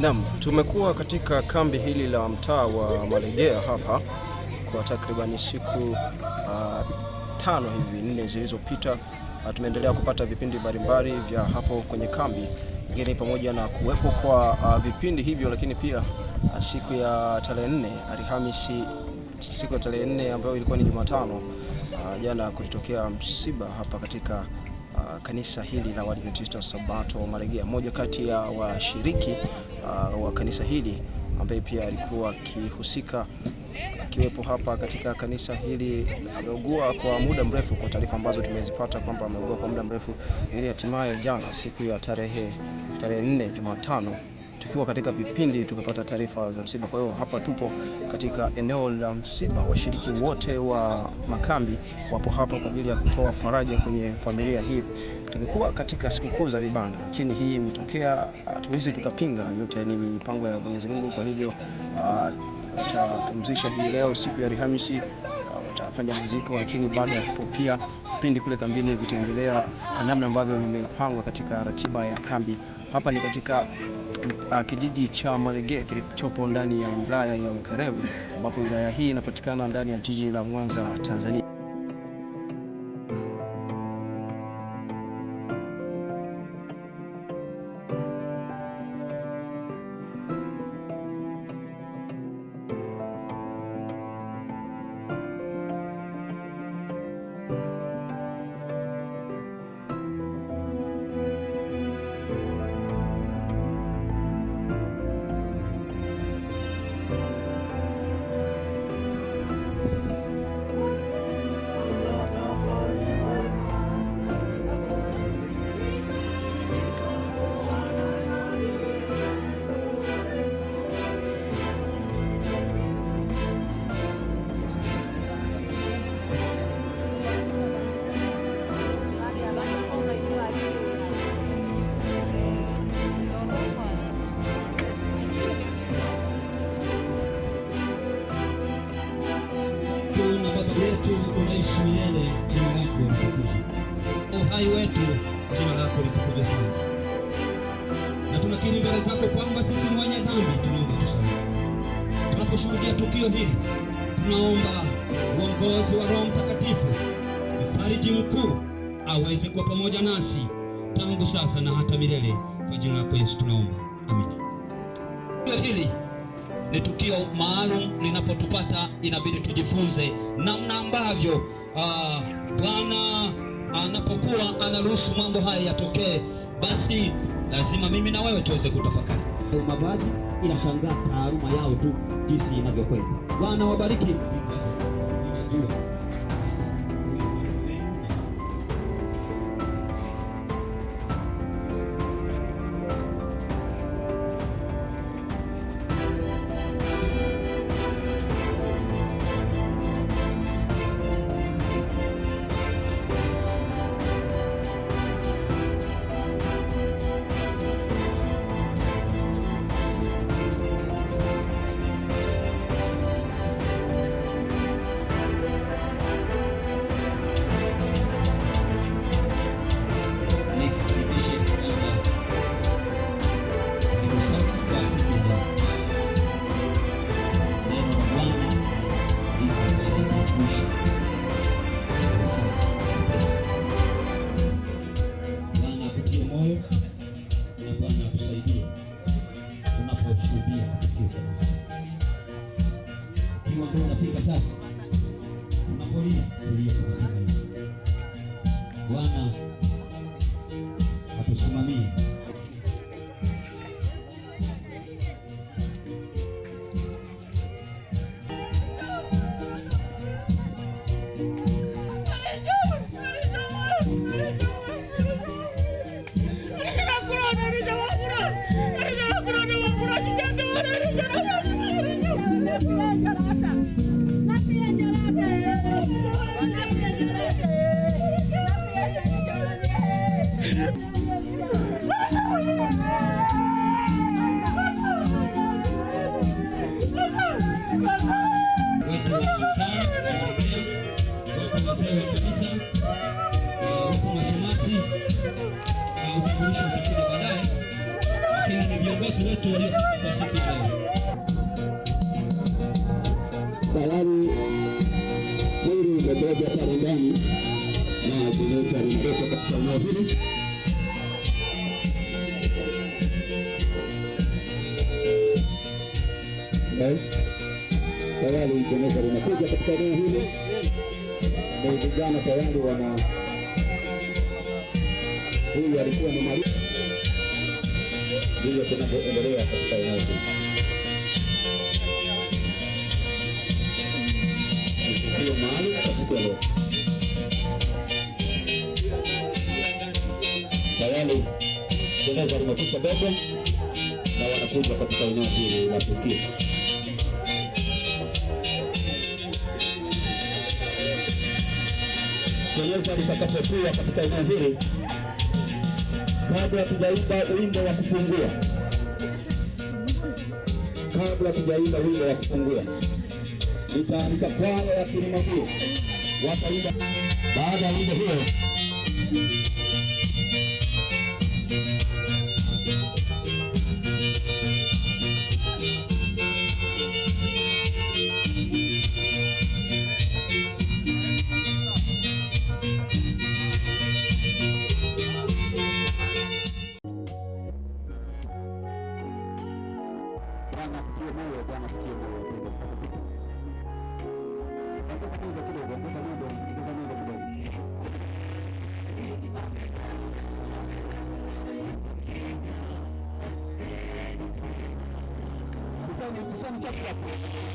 Naam, tumekuwa katika kambi hili la mtaa wa Marejea hapa kwa takribani siku uh, tano hivi nne zilizopita. Uh, tumeendelea kupata vipindi mbalimbali vya hapo kwenye kambi, lakini pamoja na kuwepo kwa uh, vipindi hivyo, lakini pia uh, siku ya tarehe nne Alhamisi, siku ya tarehe nne ambayo ilikuwa ni Jumatano uh, jana kulitokea msiba hapa katika uh, kanisa hili la Waadventista wa Sabato Maregea, mmoja kati ya washiriki uh, wa kanisa hili ambaye pia alikuwa akihusika akiwepo hapa katika kanisa hili. Ameugua kwa muda mrefu, kwa taarifa ambazo tumezipata kwamba ameugua kwa muda mrefu, ili hatimaye jana siku ya tarehe tarehe nne Jumatano tukiwa katika vipindi tumepata taarifa za msiba. Kwa hiyo hapa tupo katika eneo la msiba, washiriki wote wa makambi wapo hapa kwa ajili ya kutoa faraja kwenye familia hii. Tumekuwa katika sikukuu za vibanda, lakini hii imetokea, hatuwezi tukapinga, yote ni mipango ya Mwenyezi Mungu. Kwa hivyo ah, tutapumzisha hii leo siku ya Alhamisi nafanya muziki, lakini baada ya hapo pia pindi kule kambini kutembelea namna ambavyo vimepangwa katika ratiba ya kambi. Hapa ni katika uh, kijiji cha Marege kilichopo ndani ya wilaya ya Ukerewe ambapo wilaya hii inapatikana ndani ya jiji la Mwanza, Tanzania. uhai wetu, jina lako litukuzwe sana, na tunakiri mbele zako kwamba sisi ni wenye dhambi. Tunaomba tusamehe. Tunaposhuhudia tukio hili, tunaomba uongozi wa Roho Mtakatifu, mfariji mkuu, aweze kuwa pamoja nasi tangu sasa na hata milele, kwa jina lako Yesu tunaomba, amina. Tukio hili ni tukio maalum, linapotupata inabidi tujifunze namna ambavyo uh, Bwana anapokuwa anaruhusu mambo haya yatokee, basi lazima mimi na wewe tuweze kutafakari. Mavazi inashangaa taaruma yao tu jinsi inavyokwenda. Bwana wabariki. sehemu ambayo unafika sasa, unapolia tulia kwa Bwana atusimamie. upande wa kanisa huko mashemasi, utambulisho utakuja baadaye, lakini ni viongozi wetu waliofika siku ya leo. Salamu mwili umebebwa pale ndani na zinaweza kutoka katika eneo hili tayari jeneza linakuja katika eneo hili. dari vijana tayari wana huyu alikuwa ni mali ndivyo tunavyoendelea katika eneo hili. Tukio kwa siku leo, tayari jeneza na wanakuja katika eneo Mwenyezi atakapokuwa katika eneo hili, kabla tujaimba wimbo wa kufungua, kabla tujaimba wimbo wa kufungua, nitaandika kwaya ya kilima wataimba. Baada ya wimbo huo конкретно.